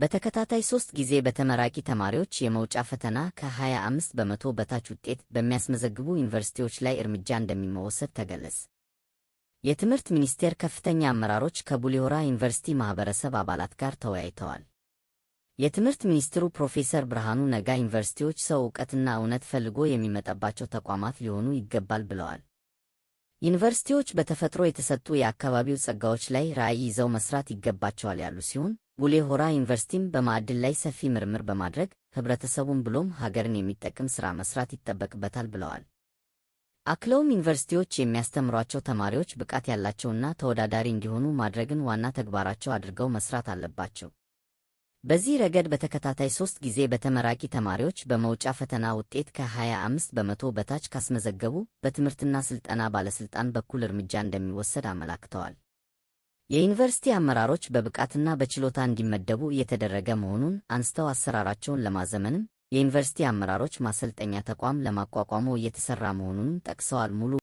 በተከታታይ ሶስት ጊዜ በተመራቂ ተማሪዎች የመውጫ ፈተና ከ25 በመቶ በታች ውጤት በሚያስመዘግቡ ዩኒቨርሲቲዎች ላይ እርምጃ እንደሚመወሰድ ተገለጸ። የትምህርት ሚኒስቴር ከፍተኛ አመራሮች ከቡሊሆራ ዩኒቨርሲቲ ማህበረሰብ አባላት ጋር ተወያይተዋል። የትምህርት ሚኒስትሩ ፕሮፌሰር ብርሃኑ ነጋ ዩኒቨርሲቲዎች ሰው እውቀትና እውነት ፈልጎ የሚመጣባቸው ተቋማት ሊሆኑ ይገባል ብለዋል። ዩኒቨርሲቲዎች በተፈጥሮ የተሰጡ የአካባቢው ጸጋዎች ላይ ራዕይ ይዘው መስራት ይገባቸዋል ያሉ ሲሆን ቡሌ ሆራ ዩኒቨርሲቲም በማዕድን ላይ ሰፊ ምርምር በማድረግ ህብረተሰቡን ብሎም ሀገርን የሚጠቅም ሥራ መስራት ይጠበቅበታል ብለዋል። አክለውም ዩኒቨርሲቲዎች የሚያስተምሯቸው ተማሪዎች ብቃት ያላቸውና ተወዳዳሪ እንዲሆኑ ማድረግን ዋና ተግባራቸው አድርገው መስራት አለባቸው። በዚህ ረገድ በተከታታይ ሶስት ጊዜ በተመራቂ ተማሪዎች በመውጫ ፈተና ውጤት ከ25 በመቶ በታች ካስመዘገቡ በትምህርትና ስልጠና ባለስልጣን በኩል እርምጃ እንደሚወሰድ አመላክተዋል። የዩኒቨርሲቲ አመራሮች በብቃትና በችሎታ እንዲመደቡ እየተደረገ መሆኑን አንስተው አሰራራቸውን ለማዘመንም የዩኒቨርሲቲ አመራሮች ማሰልጠኛ ተቋም ለማቋቋሙ እየተሰራ መሆኑንም ጠቅሰዋል። ሙሉ